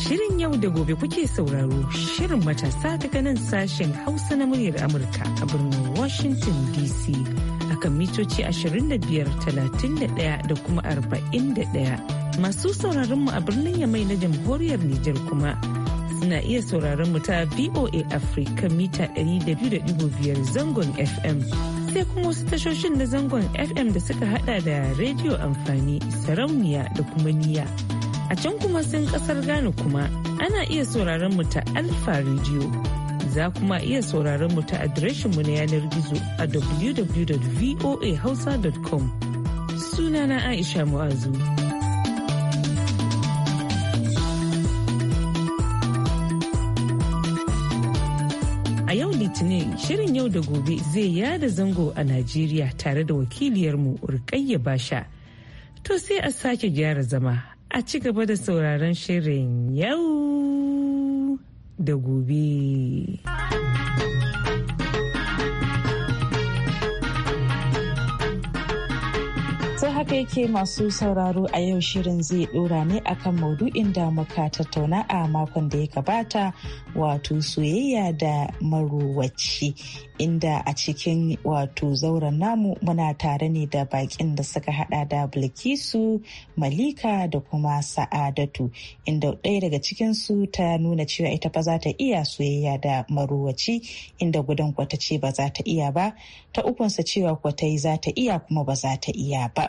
Shirin yau da gobe kuke sauraro shirin matasa daga nan sashen Hausa na muryar Amurka a birnin Washington DC a kan mitoci 25,31 da kuma 41. Masu sauraron mu a birnin Yamai na jamhuriyar Nijar kuma suna iya sauraron mu ta VOA Africa mita 200.5 zangon FM. sai kuma wasu tashoshin na zangon FM da suka hada da rediyo amfani sarauniya da kuma niya. A can kuma sun kasar Ghana kuma ana iya sauraron mu ta Alfa Radio. Za kuma iya sauraron mu ta adireshin mu na yanar gizo a www.voahausa.com. Sunana Aisha Mu'azu. A yau Litinin shirin yau da gobe zai yada zango a Najeriya tare da wakiliyarmu Urkayya Basha. To sai a sake gyara zama a ci gaba da sauraron shirin yau da gobe. haka yake masu sauraro a yau shirin zai dora ne akan maudu'in da muka tattauna a makon da ya gabata wato soyayya da maruwaci inda a cikin wato zauren namu muna tare ne da bakin da suka hada da bilkisu malika da kuma sa'adatu inda ɗaya daga cikinsu ta nuna cewa ita ba za ta iya soyayya da marowaci inda gudan kwata ce ba za ta iya ba ta ukunsa cewa kwatai za ta iya kuma ba za ta iya ba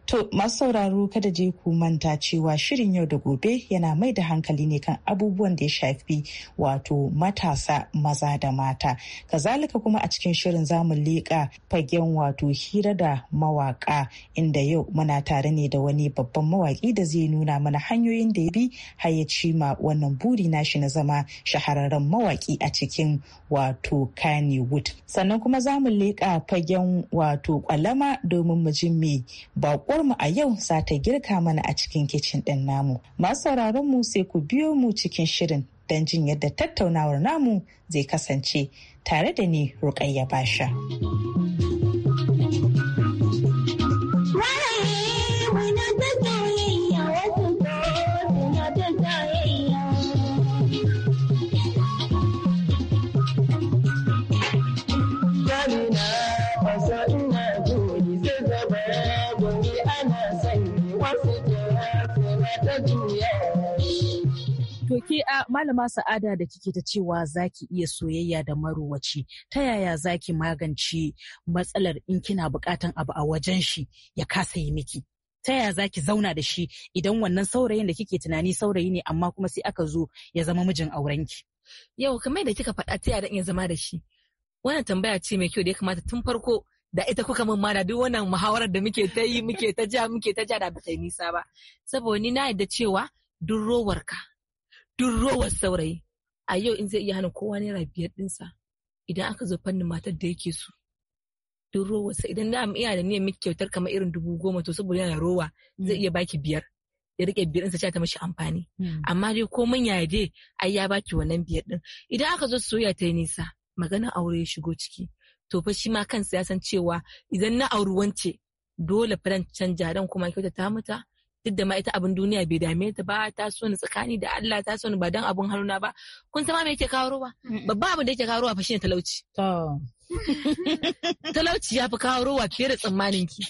To masu sauraro kada je ku manta cewa shirin yau da gobe yana mai da hankali ne kan abubuwan da ya shafi wato matasa maza da mata. Kazalika kuma a cikin shirin zamu leƙa fagen wato hira da mawaƙa inda yau muna tare ne da wani babban mawaƙi da zai nuna mana hanyoyin da ya bi har ya cima wannan buri na shi na zama shahararren mawaƙi a cikin wato Kannywood. Sannan kuma zamu leƙa fagen wato kwalama domin mu ji me mu a yau za ta girka mana a cikin kicin ɗin namu. Masu sauraron mu sai ku biyo mu cikin shirin don jin yadda tattaunawar namu zai kasance tare da ni Rukayya Basha. ke a malama sa'ada da kike ta cewa zaki iya soyayya da marowaci ta yaya zaki magance matsalar in kina bukatan abu a wajen shi ya kasa yi miki ta yaya zaki zauna da shi idan wannan saurayin da kike tunani saurayi ne amma kuma sai aka zo ya zama mijin auren ki? yau kamar da kika faɗa ta yaya iya zama da shi wannan tambaya ce mai kyau da ya kamata tun farko da ita kuka min mana duk wannan muhawarar da muke ta yi muke ta ja muke ta ja da bata yi nisa ba saboda ni na yadda cewa duk rowarka duk rowar saurayi a yau in zai iya hana kowa naira biyar dinsa idan aka zo fannin matar da yake su. duk sa idan na iya da niyan miki kyautar kamar irin dubu goma to saboda yana rowa zai iya baki biyar ya rike biyar ɗinsa ta mashi amfani hmm. amma dai ko mun yaya dai ai ya baki wannan biyar ɗin. idan aka zo soya ta yi nisa maganar aure ya shigo ciki to fa shi ma kansa ya san cewa idan na auri wance dole fa dan canja dan kuma kyautata mata duk da ma ita abin duniya bai dame ta ba ta so ni tsakani da Allah ta so ni ba dan abun haruna ba kun san ma me yake kawo ruwa babba abin da yake kawo ruwa fa shine talauci talauci ya fi kawo ruwa fiye da tsammanin ki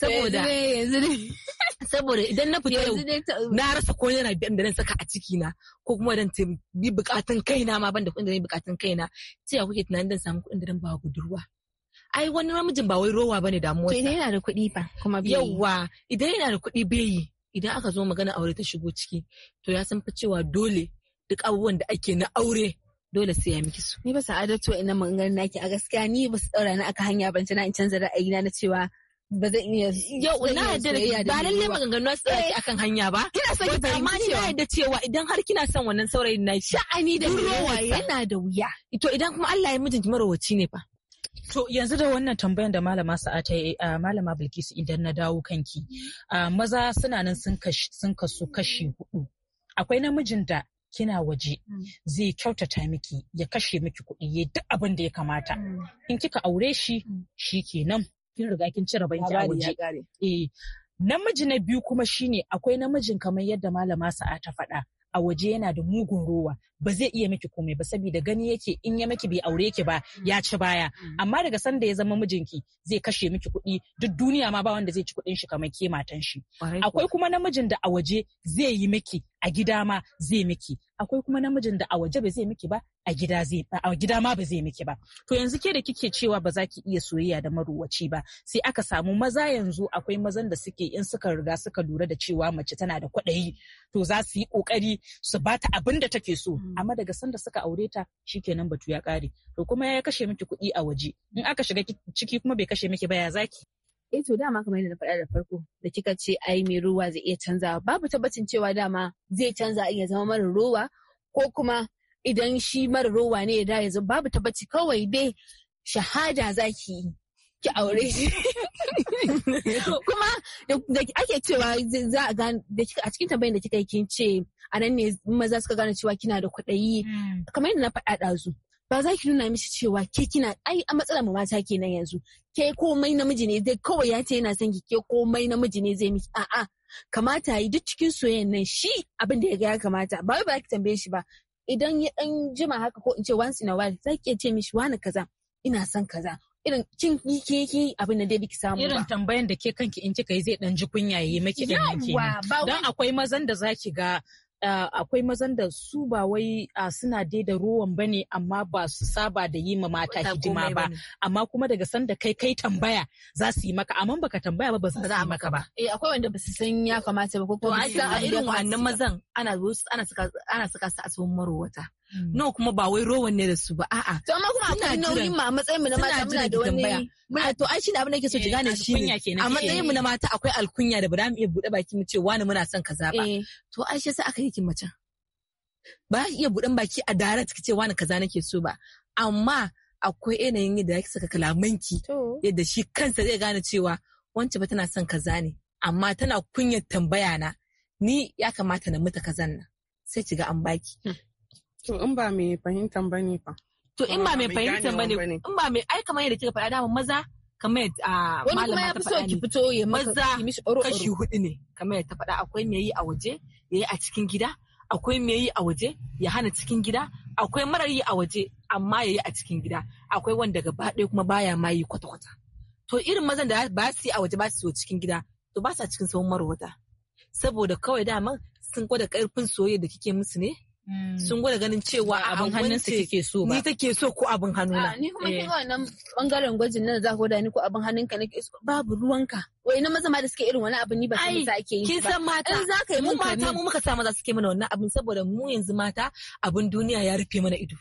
saboda saboda idan na fita yau na rasa ko yana biyan da nan saka a ciki na ko kuma dan bi bukatun kaina ma ban da kuɗin da ne bukatun kaina sai ya kuke tunanin dan samu kuɗin da dan ba budurwa ai wani namijin ba wai rowa bane damuwarsa. To idan yana da kuɗi fa kuma bai. Yawwa idan yana da kuɗi bai yi idan aka zo magana aure ta shigo ciki to ya san fa cewa dole duk abubuwan da ake na aure dole sai ya miki su. Ni ba sa'adatu ina maganar naki a gaskiya ni ba su daura ni aka hanya ban tana in canza ra'ayina na cewa ba zan iya yau na yarda da ba lalle maganganu su tsaya eh, akan hanya ba kina son ki fahimci cewa amma ni cewa idan har kina son wannan saurayin na sha'ani da rowa yana da wuya to idan kuma Allah ya mijinki marowaci ne fa To yanzu da wannan tambayan da malama sa'a ta yi malama Bilkisu idan na dawo kanki maza suna nan sun kasu kashi hudu. Akwai namijin da kina waje mm. zai kyautata miki ya kashe miki kuɗi ya duk abin da ya kamata. Mm. In kika aure shi mm. shi kenan kin riga kin cire banki a waje. Eh. namiji na biyu kuma shine akwai namijin kamar yadda malama sa'a ta faɗa a waje yana da mugun rowa ba zai iya miki komai ba saboda gani yake in ya miki bai aure ki ba mm. ya ci baya mm. amma daga sanda ya zama mijinki zai kashe miki kuɗi duk duniya ma ba wanda zai ci kuɗin shi kamar ke matan shi akwai kuma namijin da a waje zai yi miki a gida ma zai miki akwai kuma namijin da a waje ba zai miki ba a gida zai a gida ma ba zai miki ba to yanzu ke da kike cewa ba za ki iya soyayya da maruwaci ba sai aka samu maza yanzu akwai mazan da suke in suka riga suka lura da cewa mace tana da kwaɗayi to za su yi kokari su ba ta abin da take so mm. amma daga sanda suka aure ta shikenan batu ya kare to kuma ya kashe miki kuɗi a waje in aka shiga ciki kuma bai kashe miki ba ya zaki E to dama kamar yadda na faɗa da farko da kika ce ai mai ruwa zai iya canzawa babu tabbacin cewa dama zai canza iya zama mara ruwa ko kuma idan shi mara ruwa ne ya da ya babu tabbaci kawai dai shahada zaki yi ki aure shi kuma da ake cewa za a gane a cikin tambayin da kika yi kin ce a nan ne maza suka gane cewa kina da kwaɗayi mm. kamar yadda na faɗa ɗazu ba za ki nuna mishi cewa ke kina ai a matsalar mata kenan yanzu ke komai namiji ne zai kawai ya ce yana son ki ke komai namiji ne zai miki a'a kamata yi duk cikin soyayyen nan shi abin da ya ga ya kamata ba wai ba ki tambaye shi ba idan ya dan jima haka ko in ce once in a while za ki ce mishi wani kaza ina son kaza irin kin yi ke abin da dai samu ba irin tambayan da ke kanki in kika yi zai dan ji kunya yi maki da maki dan akwai mazan da zaki ga akwai mazan da su ba wai suna da rowan ba ne amma ba su saba da yi ma mata hidima ba amma kuma daga sanda kai kai tambaya za su yi maka amma baka tambaya ba ba za su yi maka ba eh akwai wanda ba su san ya kamata ba ko kuma a irin wannan mazan ana ana saka ana saka su a cikin marowata Mm. nawa kuma ba wai rowan ne da su ba a'a to amma kuma akwai nauyin ma a matsayin mu na mata muna da wani muna to ai shi da abin da ke so ki eh, gane shi ne a matsayin mu na mata akwai alkunya da ba za mu iya bude baki mu ce wani muna son kaza ba eh. to ai shi sai aka yi kin mace ba za iya buɗin baki a direct ki ce wani kaza nake so ba amma akwai yanayin yadda zaki saka kalamanki yadda shi kansa zai gane cewa wance ba tana son kaza ne amma tana kunyar tambaya na ni ya kamata na mutu kazan nan sai ki ga an baki hmm. To in ba mai fahimtan ba ne fa. To in ba mai fahimtan ba ne in ba mai ai kamar da kika faɗa dama maza kamar a malama ta faɗa ne. Wani kuma ya fi so ki fito ya maza kashi hudu ne kamar ta faɗa akwai me yi a waje ya yi a cikin gida akwai me yi a waje ya hana cikin gida akwai marar yi a waje amma ya yi a cikin gida akwai wanda gaba ɗaya kuma baya ma yi kwata-kwata. To irin mazan da ba su yi a waje ba su yi cikin gida to ba sa cikin sauran marwata. Saboda kawai dama sun gwada ƙarfin soyayya da kike musu ne Mm. sun gwada ganin cewa abin hannun su kike so ba ni take so ko abin na. Ah, ni kuma eh. kin wannan bangaren gwajin nan za ka gwada ni ko abin hannunka so. babu ruwanka wai na maza ma da suke irin wani abin ni ba san sa ake yi kin san mata in za ka yi mun mata mu muka sa maza suke mana wannan abin saboda mu yanzu mata abin duniya ya rufe mana ido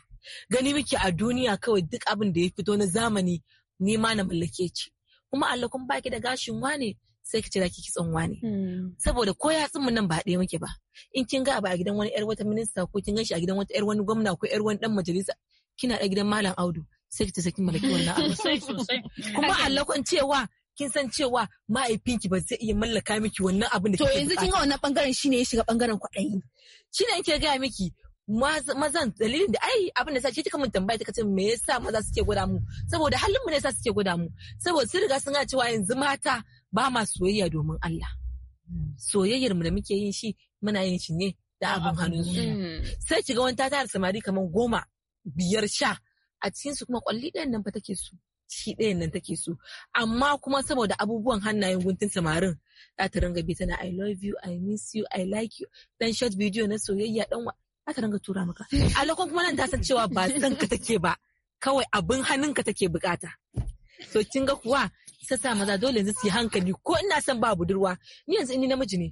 gani muke a duniya kawai duk abin da ya fito na zamani ni ma na mallake ci kuma Allah kun baki da gashin wane sai ki ce zaki kitson wani hmm. saboda ko yatsun mu nan ba ɗaya muke ba in kin ga ba a gidan wani yar wata minista ko kin ganshi a gidan wata yar wani gwamna ko yar wani ɗan majalisa kina da gidan malam Audu sai ki ce sakin ki wannan abu kuma Allah kun cewa kin san cewa mahaifinki ba zai iya mallaka miki wannan abin da kike To yanzu kin ga wannan bangaren shine ya shiga bangaren kwaɗayi. Shine yake ga miki mazan dalilin da ai abin da sa kika mun tambaya ta kace me yasa maza suke gwada mu saboda halin mu ne yasa suke gwada mu saboda sun riga sun ga cewa yanzu mata ba ma soyayya domin Allah hmm. soyayyar mu da muke yin shi muna yin shi ne da ah, abin hannun su hmm. sai ga wani ta tara samari kamar goma biyar sha a cikin su kuma kwalli ɗayan nan fa take su. shi ɗayan nan take su. amma kuma saboda abubuwan hannayen guntun samarin za ta ringa bi tana I love you I miss you I like you dan short video na soyayya dan wa za ta ringa tura maka a lokacin kuma nan ta san cewa ba san ka take ba kawai abin hannunka take bukata so kin ga kuwa sassa maza dole yanzu su yi hankali ko ina son ba budurwa ni yanzu ni namiji ne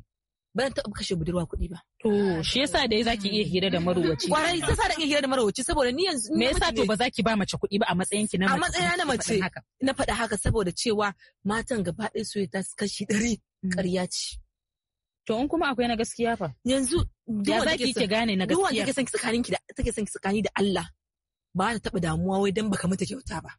zan taɓa kashe budurwa kuɗi ba. To shi yasa dai zaki iya hira da marowaci. Kwarai ta sa da iya hira da marowaci saboda ni yanzu. Me yasa to ba za ki ba mace kuɗi ba a matsayin ki na mace. A matsayin na mace na faɗa haka saboda cewa matan gaba ɗaya su ta kashi ɗari mm. ƙarya ce. To in kuma akwai na gaskiya fa. Yanzu. duk wanda ki ke gane na gaskiya. Duk wanda take son ki tsakanin ki da take son ki tsakani da Allah. Ba ta taɓa damuwa wai dan baka mata kyauta ba.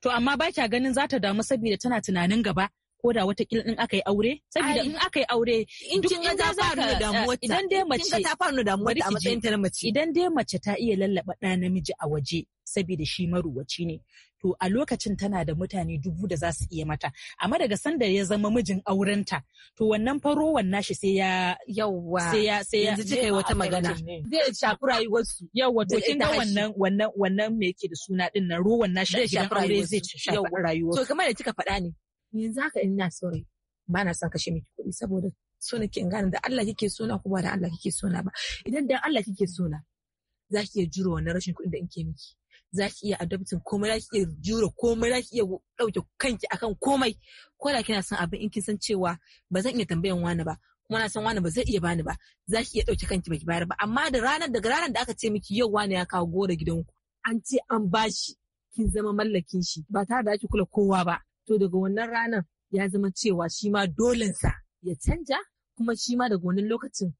To amma ba kya ganin za ta damu saboda tana tunanin gaba ko da wata kila in aka yi aure saboda in aka yi aure in ga ta fara damuwa eh, idan dai mace ta fara damuwa a matsayin ta mace idan dai mace ta iya lallaba ɗa namiji a waje saboda shi maruwaci ne to a lokacin tana da mutane dubu da za su iya mata amma daga sanda ya zama mijin aurenta to wannan faro wannan shi sai ya yawa sai ya sai ya yanzu wata magana zai shafi rayuwar su yawa to kin ga wannan wannan wannan me yake da suna din nan ruwan nashi a shafi rayuwar su shafi rayuwar to kamar da kika faɗa ne yanzu haka ina saurayi. ba na son kashe miki kuɗi saboda so nake in gane da Allah kike so na ko ba da Allah kike so na ba idan da Allah kike so na za ki iya jure wannan rashin kuɗin da in ke miki za ki iya adaptin komai za ki iya jure komai za ki iya ɗauke kanki akan komai ko da kina son abin in kin san cewa ba zan iya tambayan wani ba kuma na san wani ba zai iya bani ba za ki iya ɗauke kanki baki bayar ba amma da ranar daga ranar da aka ce miki yau wani ya kawo gora ku. an ce an bashi kin zama mallakin shi ba tare da ake kula kowa ba to daga wannan ranar ya zama cewa shi ma dolensa ya canja kuma shi ma daga wannan lokacin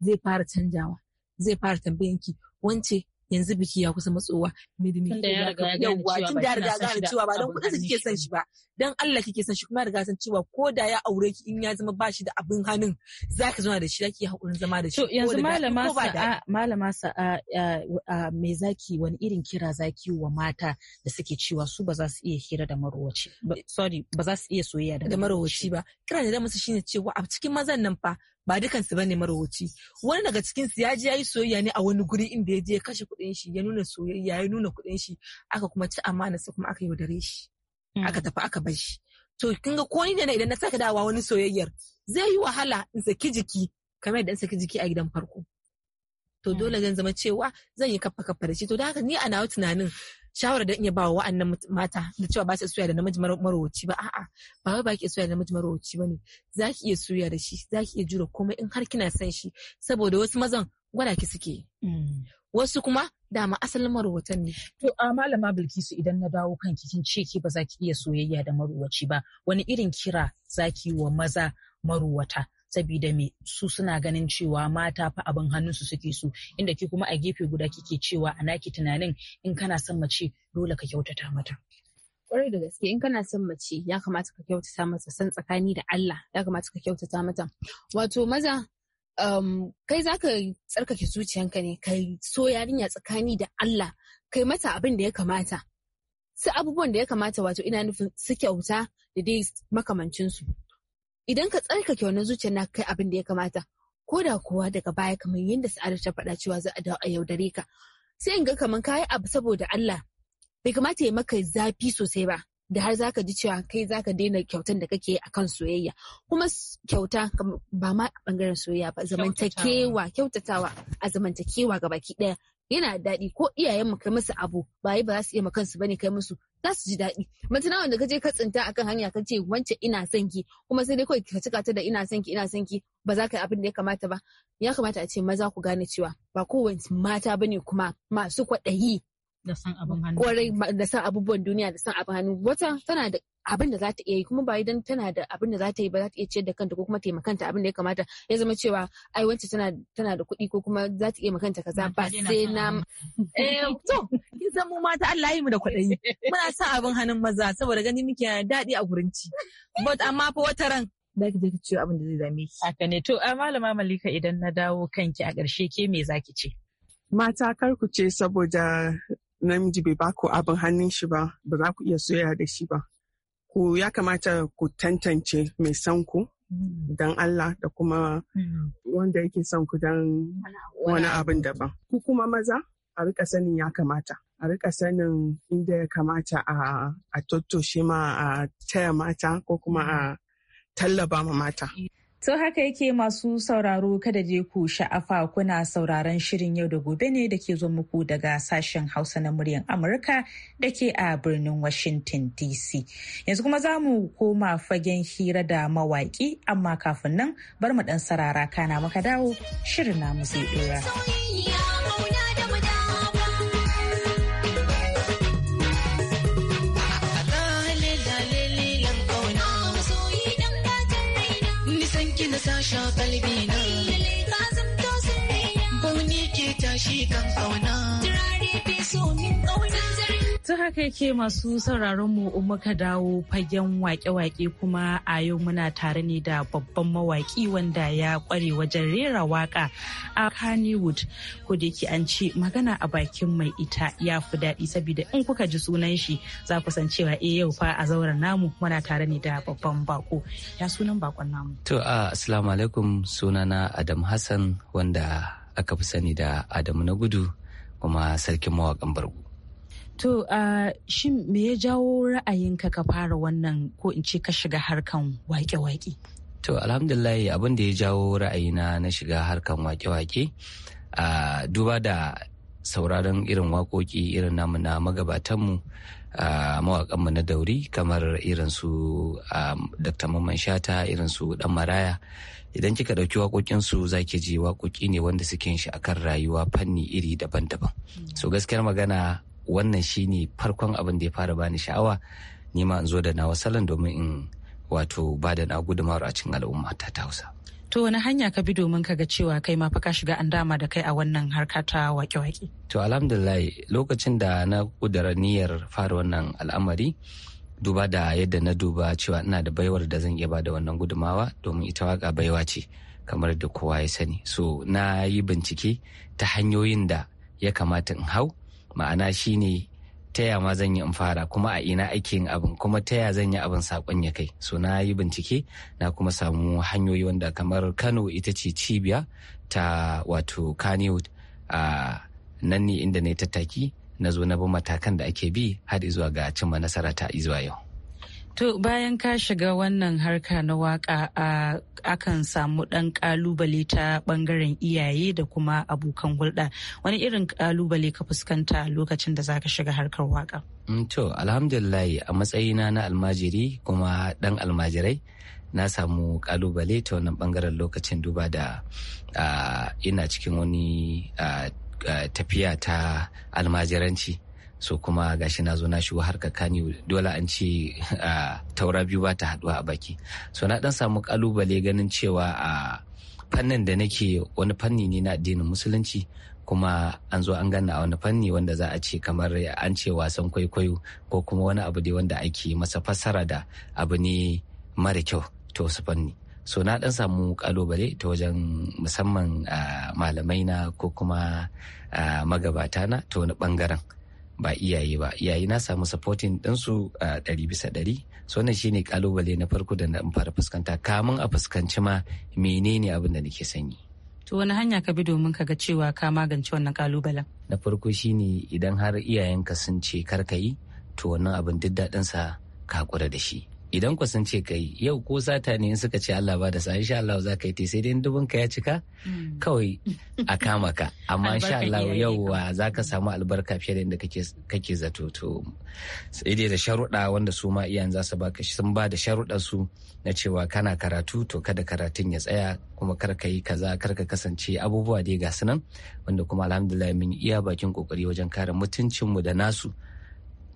zai fara canjawa zai fara tambayanki wance yanzu biki ya kusa matsowa midimi tun da ya riga gane cewa ba don kudin kike san shi ba dan Allah kike San shi kuma riga san cewa ko da ya aure ki in ya zama ba shi da abin hannun zaki zauna da shi zaki hakurin zama da shi to yanzu malama sa'a malama sa'a me zaki wani irin kira zaki wa mata da suke cewa su ba za su iya hira da marowaci sorry ba za su iya soyayya da marowaci ba kira ne da musu shine cewa a cikin mazan nan fa ba dukansu bane marowaci wani daga cikin su ya je yayi soyayya ne a wani guri inda ya je kashe kuɗin shi ya nuna soyayya ya nuna kuɗin shi aka kuma ci amana sa kuma aka yaudare shi hmm. aka tafi aka bar shi to kin ga ko ni ne idan na saka dawa wani soyayyar zai yi wahala in saki jiki kamar yadda in saki jiki a gidan farko to hmm. dole zan zama cewa zan yi kafa kafa da shi to da haka ni a tunanin shawara da iya ba wa wa'annan mata da cewa ba su soya da namiji marowaci ba a'a ba wai ba ki soya da namiji marowaci ba ne za ki iya soya da shi za ki iya jura komai in har kina son shi saboda wasu mazan gwada ki suke mm. wasu kuma dama asalin marowatan ne. To a malama Bilkisu idan na dawo kan kin ce ki ba za ki iya soyayya da marowaci ba wani irin kira za ki wa maza marowata saboda me su suna ganin cewa mata fa abin hannunsu suke so inda ke kuma a gefe guda kike cewa a naki tunanin in kana son mace dole ka kyautata mata kwarai da gaske in kana son mace ya kamata ka kyautata mata san tsakani da Allah ya kamata ka kyautata mata wato maza um, kai za ka tsarkake zuciyanka ne kai so yarinya tsakani da Allah kai mata abin da ya kamata su abubuwan da ya kamata wato ina nufin su kyauta da dai makamancinsu idan ka tsarkake wannan zuciyar na kai abin da ya kamata ko da kuwa daga baya kamar yadda sa'adu ta faɗa cewa za a dawo a yaudare ka sai in ga kamar kayi abu saboda Allah bai kamata ya maka zafi sosai ba da har zaka ji cewa kai zaka daina kyautan da kake a kan soyayya kuma kyauta ba ma bangaren soyayya ba zamantakewa kyautatawa a zamantakewa ga baki daya yana daɗi ko iyayen mu kai musu abu ba ba za su iya ma kansu bane kai musu za su ji daɗi mutuna wanda kaje ka tsinta akan hanya ka ce wance ina son ki kuma sai dai kawai ka cika ta da ina son ki ina son ki ba za ka yi abin da ya kamata ba ya kamata a ce maza ku gane cewa ba kowace mata bane kuma masu kwaɗayi da san abin hannu kwarai da san abubuwan duniya da san abin hannu wata tana da abin da za ta iya yi kuma ba idan tana da abin da za ta yi ba za ta iya ciyar da kanta ko kuma taimakanta abin da ya kamata ya zama cewa ai wacce tana tana da kuɗi ko kuma za ta iya makanta kaza ba sai na eh to kin san mu mata Allah yi mu da kuɗi muna san abin hannun maza saboda gani muke daɗi a gurin ci but amma fa wata ran za ki je ki ciwo abin da zai zame. ki haka ne to a malama malika idan na dawo kanki a ƙarshe ke me zaki ce mata kar ku ce saboda namiji bai baku abin hannun shi ba ba za ku iya soya da shi ba ku ya kamata ku tantance mai son ku mm. don Allah da kuma mm. wanda yake son ku don wani abin daban ku kuma maza a rika sanin ya kamata a rika sanin inda ya kamata a tattoshe ma a taya mata ko kuma a tallaba ma mata So haka yake masu sauraro kada je ku sha'afa kuna sauraron shirin yau da gobe ne da ke zo muku daga sashen Hausa na muryar Amurka da ke a birnin Washington DC. Yanzu kuma za mu koma fagen hira da mawaƙi amma kafin nan bar mu ɗan sarara kana maka dawo shirin namu zai ɗora. sha kalbina. ni ke tashi kan kauna. haka yake masu sauraron mu in muka dawo fagen wake-wake kuma a yau muna tare ne da babban mawaki wanda ya kware wajen rera waka a Hollywood ko da yake an ce magana a bakin mai ita ya fi daɗi saboda in kuka ji sunan shi za ku san cewa eh yau fa a zauren namu muna tare ne da babban bako ya sunan bakon namu. To a assalamu alaikum sunana Adam Hassan wanda aka fi sani da Adamu na gudu kuma sarkin mawakan barko To shin me ya jawo ra'ayinka ka fara wannan ko in ce ka shiga harkan wake-wake? To alhamdulillah abin da ya jawo ra'ayina na shiga harkan wake-wake A duba da sauraron irin waƙoƙi irin namu na magabatanmu mawaƙanmu na dauri kamar irin su Dr. Mamman Shata irin su Dan Maraya. Idan kika ɗauki waƙoƙinsu za ki ji waƙoƙi ne wanda suke shi akan rayuwa fanni iri daban-daban. So gaskiyar magana wannan shi ne farkon abin da ya fara bani sha'awa ni ma in zo da nawa salon domin in wato ba da na gudumar a cikin al'umma ta ta hausa to wani hanya ka bi domin ka ga cewa kai ma fa ka shiga an dama da kai a wannan harka ta wake-wake to alhamdulillah lokacin da na kudura niyyar fara wannan al'amari duba da yadda na duba cewa ina da baiwar da zan iya ba da wannan gudumawa domin ita waka baiwa ce kamar da kowa ya sani so na yi bincike ta hanyoyin da ya kamata in hau ma'ana shine taya ma zan yi in fara kuma a ina ake yin abin kuma taya zan yi abin sakon ya kai so na yi bincike na kuma samu hanyoyi wanda kamar kano ita ce cibiya ta wato kaniwood a nan ne inda na yi tattaki na zo na bi matakan da ake bi har izuwa ga cimma nasara ta izuwa yau To bayan ka shiga wannan harka na waka a akan samu ɗan ƙalubale ta ɓangaren iyaye da kuma abokan hulɗa. Wani irin ƙalubale ka fuskanta lokacin da zaka shiga harkar waka? Mm, to alhamdulillah a matsayina na almajiri kuma ɗan almajirai na samu ƙalubale ta wannan ɓangaren lokacin duba da ina cikin wani tafiya ta almajiranci. so kuma gashi na zo na shigo harka kani dole an ce taura biyu ba ta haduwa a baki so na dan samu kalubale ganin cewa a fannin da nake wani fanni ne na addinin musulunci kuma an zo an gana a wani fanni wanda za a ce kamar an ce wasan kwaikwayo ko kuma wani abu dai wanda ake masa fassara da abu ne mara kyau ta wasu fanni so na dan samu kalubale ta wajen musamman malamai na ko kuma magabata na ta wani bangaren ba iyaye ba iyaye na samu supporting ɗinsu a ɗari bisa ɗari so wannan shine kalubale na farko da na fara fuskanta kamun a fuskanci ma menene abin da nake sanyi to wani hanya ka bi domin ka ga cewa ka magance wannan kalubalen na farko shine idan har iyayenka sun ce kar ka yi to wannan abin duk daɗinsa ka kura da shi idan ku sun ce kai yau ko sata ne in suka ce Allah ba da sa insha Allah za ka yi sai dai dubin ka ya cika mm. kawai a kama ka amma insha Allah yau za ka samu albarka fiye da inda kake zato to sai dai da sharuɗa wanda su ma iyayen za su baka sun ba da sharuɗa su na cewa kana karatu to kada karatun ya tsaya kuma kar ka yi kaza kar ka kasance abubuwa dai ga nan wanda kuma alhamdulillah mun iya bakin kokari wajen kare mutuncin mu da nasu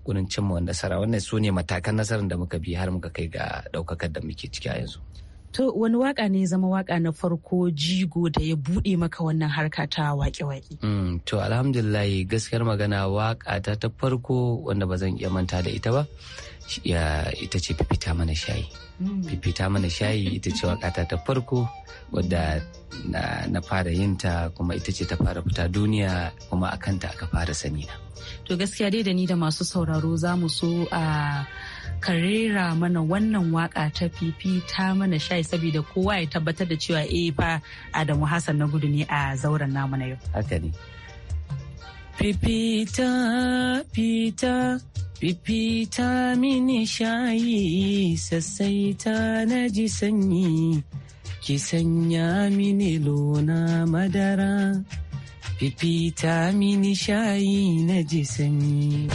gurin cimma nasara wannan su ne matakan nasarar da muka bi har muka kai ga daukakar da muke ciki a yanzu to wani waka ne zama waka na farko jigo da ya buɗe maka wannan harka ta waƙe-waƙe mm, to alhamdulillah gaskiyar magana waka ta ta farko wanda ba zan iya manta da ita ba ita ce fifita mana shayi hmm. fifita mana shayi ita ce wakata ta farko wadda na fara yinta kuma ita ce ta fara fita duniya kuma a kanta aka fara sani na to gaskiya dai da ni da masu sauraro za mu so a karera mana wannan waka ta fifita mana shayi saboda kowa ya tabbatar da cewa eh fa Adamu Hassan na gudu ne a zauren namu na yau haka ne fifita fita Fifita mini shayi sassai ta na sanyi, ki sanya mini lona madara. Fifita mini shayi naji ji sanyi.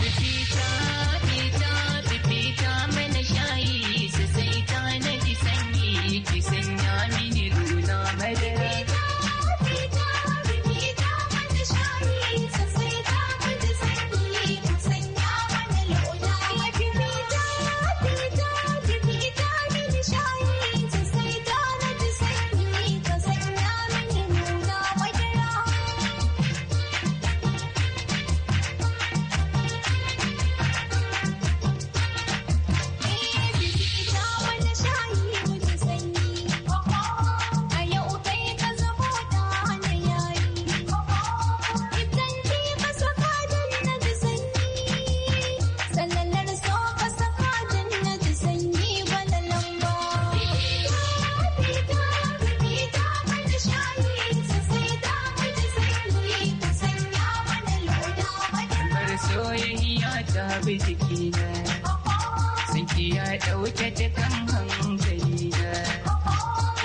wuce dukan hankali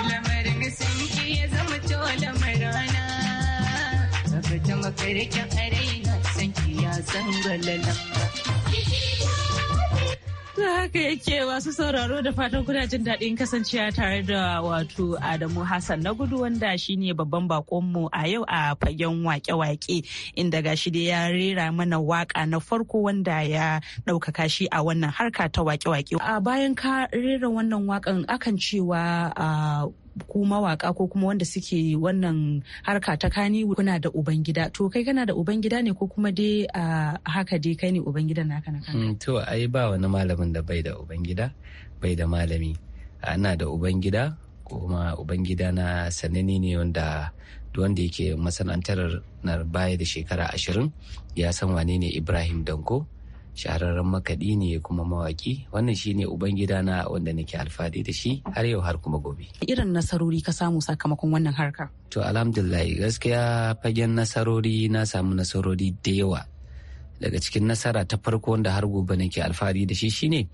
lamarin sanki ya zama makarkin a raina sanki ya lamba haka yake masu sauraro da fatan kuna jin daɗin kasancewa tare da wato Adamu Hassan na gudu wanda shine babban bakonmu a yau a fagen wake-wake inda gashi dai ya rera mana waka na farko wanda ya ɗaukaka shi a wannan harka ta wake-wake. A bayan ka rera wannan wakan akan cewa ah, ku mawaka ko kuma wanda suke wannan harka ta kani kuna da ubangida to kai kana da ubangida ne ko kuma dai a haka dai kai ne Ubangida naka na kanka mm, to ai ba wani malamin da bai da ubangida bai da malami ana da ubangida kuma ubangida na sanani ne wanda wanda yake masana'antar na baya da shekara ashirin ya san wane ne ibrahim danko shahararren makaɗi ne kuma mawaki wannan shine gida na wanda nake alfahari da shi har yau har kuma gobe irin nasarori ka samu sakamakon wannan harka to alhamdulillah gaskiya fagen nasarori na samu nasarori da yawa daga cikin nasara ta farko wanda har gobe nake alfahari da shi shine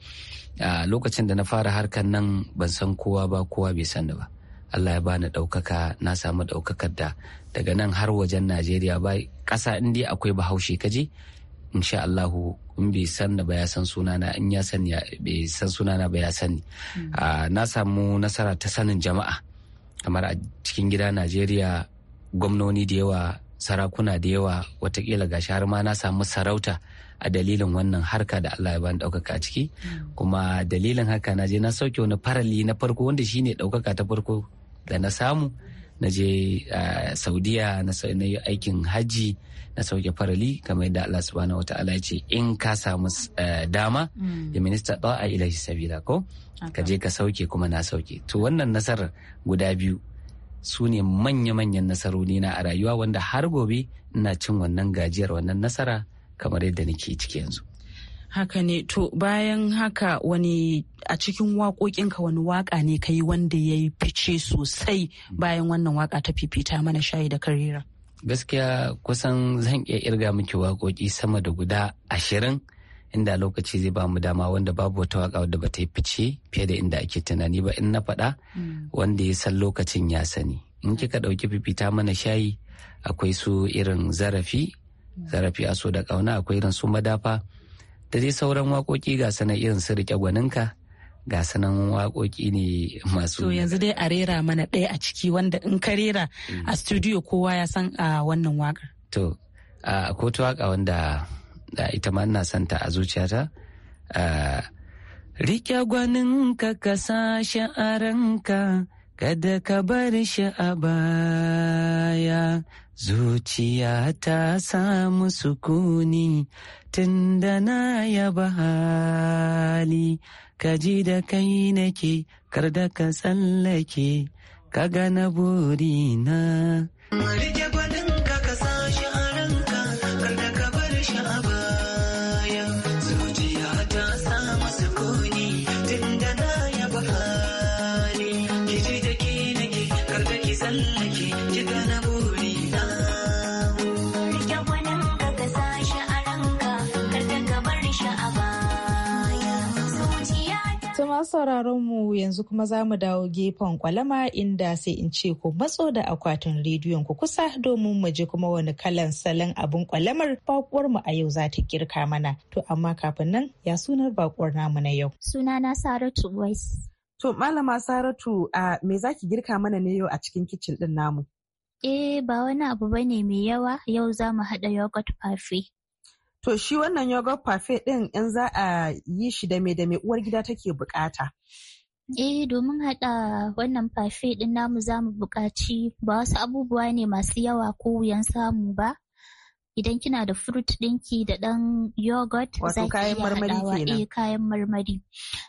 a lokacin da na fara harkar nan ban san kowa ba kowa bai san ba Allah ya bani ɗaukaka na samu ɗaukakar da daga nan har wajen Najeriya ba ƙasa in dai akwai bahaushe kaje insha Allahu in bai san ba ya san sunana in ya san bai san sunana ba ya sani hmm. na samu nasara ta sanin jama'a kamar a cikin gida najeriya gwamnoni da yawa sarakuna da yawa watakila gashi har ma na samu sarauta a dalilin wannan harka da Allah ya bani ɗaukaka a ciki hmm. kuma dalilin haka na je na sauke wani farali na farko wanda shine daukaka ta farko da na samu na je saudiya na yi aikin hajji na sauke farali kamar yadda Allah subhanahu wataala ya ce in ka samu dama mm. ya minista da'a ilahi sabila ko ka je ka sauke kuma na sauke to wannan nasarar guda biyu su ne manya-manyan nasarori na a rayuwa wanda har gobe ina cin wannan gajiyar wannan nasara kamar yadda nake ciki yanzu haka ne to bayan haka wani a cikin waƙoƙinka wani waƙa ne ka yi wanda ya yi fice sosai bayan wannan waka ta fifita mana shayi da karira gaskiya kusan zan iya irga miki waƙoƙi sama da guda ashirin inda lokaci zai ba mu dama wanda babu wata waka wadda ba ta yi fice fiye da inda ake tunani ba in na faɗa hmm. wanda ya san lokacin ya sani in kika ɗauki fifita mana shayi akwai su irin zarafi zarafi a da ƙauna akwai irin su madafa da dai sauran waƙoƙi ga sanan irin su riƙe gwaninka ga sanan waƙoƙi ne masu to yanzu dai a rera mana ɗaya a ciki wanda in ka rera a mm. studio kowa ya san a wannan waka. to a ko waƙa wanda ita ma ina son ta a zuciyata riƙe gwaninka ka sa shi a ranka kada ka bar shi a baya zuciya ta samu sukuni tun na yaba hali ka ji da kai nake kar da ka tsallake ka gana burina. Marike sauraron mu yanzu kuma za mu dawo gefen kwalama inda sai in ce ku matso da akwatin rediyon ku kusa domin mu ji kuma wani kalan salon abin kwalamar bakuwar mu a yau za ta girka mana. To amma kafin nan ya sunar bakuwar namu na yau. Sunana Saratu Wais. To malama Saratu a me zaki girka mana ne yau a cikin kicin din namu? Eh ba wani abu bane mai yawa yau za mu haɗa yogurt parfait. To shi wannan yogurt parfait ɗin in za a yi shi da mai, da me uwar gida take bukata. Eh domin haɗa wannan parfait ɗin namu za mu buƙaci ba wasu abubuwa ne masu yawa ko wuyan samu ba. Idan kina da fruit ɗinki da ɗan yogurt za ki iya haɗawa eh kayan marmari.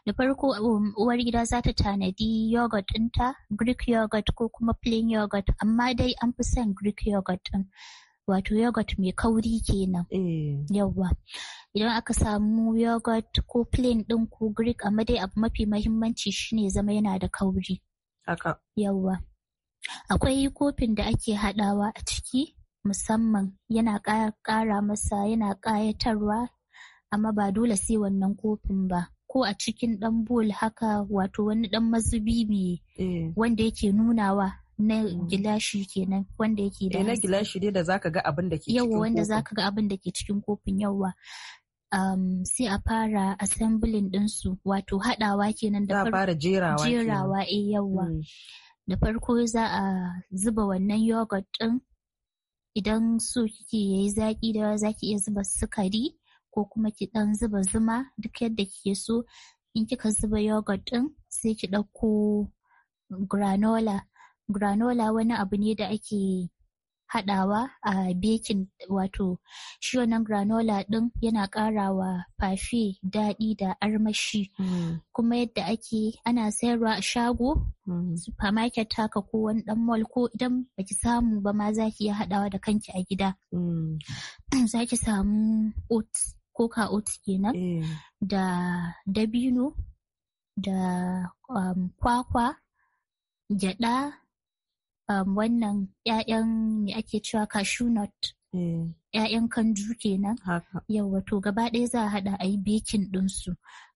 Da farko um, uwar gida za ta tanadi yogurt ɗinta Greek yogurt ko kuma plain yogurt amma dai an fi son Greek yogurt ɗin. wato yogurt mai kauri kenan. Eh. Yawwa. Idan aka samu yogurt ko plain ɗin ko Greek amma dai abu mafi mahimmanci shine zama yana da kauri. Yawwa. Akwai kofin da ake haɗawa a ciki musamman yana ƙara masa yana ƙayatarwa amma ba dole sai wannan kofin ba. Ko a cikin ɗan bol haka wato wani ɗan mazubi mai eh. wanda yake nunawa na gilashi kenan wanda yake da eh, na gilashi dai da zaka ga abin da ke cikin yawa wanda zaka ga abin da ke cikin kofin yawa um, sai a fara assembling su, wato haɗawa kenan da fara jerawa jerawa eh yawa mm. da farko za a zuba wannan yogurt din, idan so kike yayi zaki da zaki iya zuba sukari ko kuma ki ɗan zuba zuma duk yadda kike so in kika zuba yogurt din, sai ki ɗauko granola Granola wani abu ne da ake haɗawa a baking wato shi wannan granola ɗin yana ƙarawa fafe daɗi da armashi mm. kuma yadda ake ana sayarwa a shago mm. supermarket haka ko wani ɗan mall ko idan baki samu ba ma zaki iya haɗawa da kanki a gida mm. za ki samu oats ka oats kenan eh. da dabino da um, kwakwa gyaɗa um, wannan ‘ya'yan me ake cewa cashew nut. Eh. ‘Ya'yan kanju kenan. Yawwa to gaba ɗaya za a haɗa a yi bekin ɗinsu.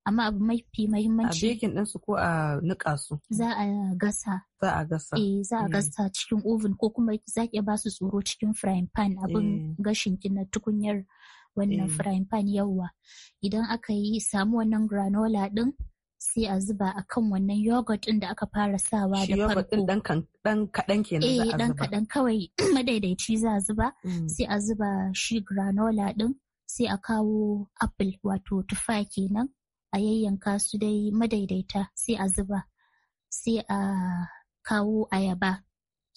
Amma abu mafi mahimmanci. A bekin ɗinsu ko a niƙa su? Za a gasa. Za a gasa. Eh za a mm. gasa cikin oven ko kuma za ki ba su tsoro cikin frying pan abin eh. gashin na tukunyar wannan eh. frying pan yawwa. Idan aka yi samu wannan granola ɗin sai a zuba a kan wannan yogurt ɗin da aka fara sawa da farko. Shi yogurt ɗin kaɗan za a zuba. Eh ɗan kaɗan kawai madaidaici za a zuba mm. sai a zuba shi granola ɗin sai a kawo apple wato tufa kenan a yayyanka su dai madaidaita sai a zuba sai a kawo ayaba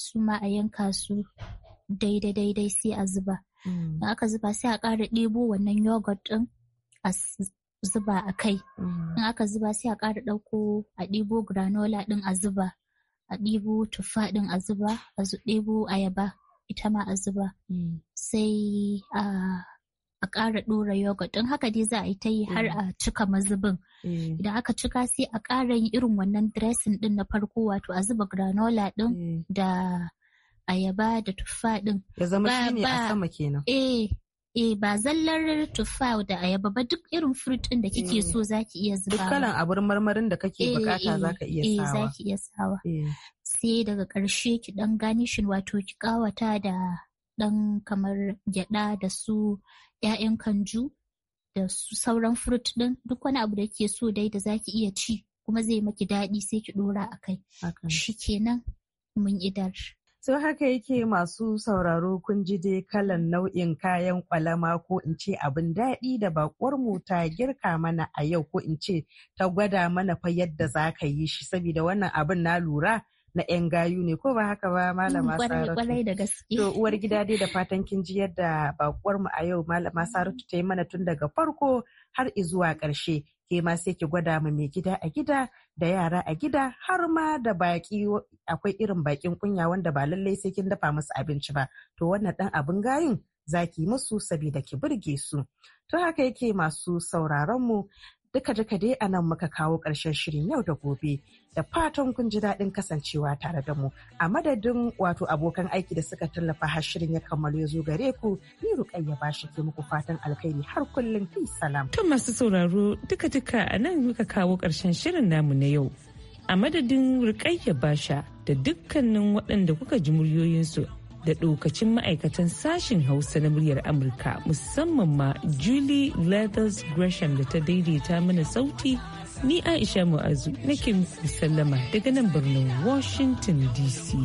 su ma a yanka su daidai daidai sai a zuba. Da mm. aka zuba sai a ƙara ɗebo wannan yogurt ɗin zuba a kai mm. in aka zuba sai a ƙara ɗauko a ɗibo granola ɗin a zuba a ɗibo tuffa ɗin a zuba a ɗibo ayaba ita ma a zuba mm. sai a ƙara ɗora yogurt ɗin haka dai za a yi ta yi har mm. a cika mazubin idan aka cika sai a ƙara yin irin wannan dressing ɗin na farko wato a zuba granola ɗin da ayaba da tuffa ɗin ya zama kenan eh eh ba zallar tuffa da ayaba ba duk irin fruit din da kike eh. so zaki iya zuba duk kalan abin marmarin da kake eh, bukata eh, zaka iya sawa eh zaki iya sawa sai daga ƙarshe ki ɗan ganishin wato ki ƙawata da ɗan kamar gyada da su yayan kanju da su sauran fruit din duk wani abu da kike so dai da zaki iya ci kuma zai maki daɗi sai ki dora a kai shikenan mun idar So haka yake masu sauraro kun ji dai kalan nau'in kayan kwalama ko in ce abin daɗi da bakuwar mu ta girka mana a yau ko in ce ta gwada mana fa yadda za ka yi shi saboda wannan abin na lura na 'yan gayu ne ko ba haka ba malama mm, saratu to uwar gida dai da fatan kin ji yadda bakwar mu a yau malama saratu ta yi mana tun daga farko har izuwa ƙarshe ke ma sai ki gwada mu mai gida a gida da yara a gida har ma da baki akwai irin bakin kunya wanda ba lallai sai kin dafa musu abinci ba to wannan dan abin gayin zaki musu sabida ki burge su to haka yake masu sauraron mu duka duka dai a nan muka kawo ƙarshen shirin yau da gobe da fatan kun ji daɗin kasancewa tare da mu a madadin wato abokan aiki da suka tallafa har shirin ya kammalu ya zo gare ku ni ya ba shi ke muku fatan alkhairi har kullum fi salam. Tun masu sauraro duka duka a nan muka kawo ƙarshen shirin namu na yau. A madadin ya sha da dukkanin waɗanda kuka ji muryoyinsu da ɗokacin ma'aikatan sashen Hausa na muryar Amurka musamman ma Julie Leathers Gresham da ta daidaita mana sauti ni Aisha Mu'azu nake muku sallama daga nan birnin Washington DC.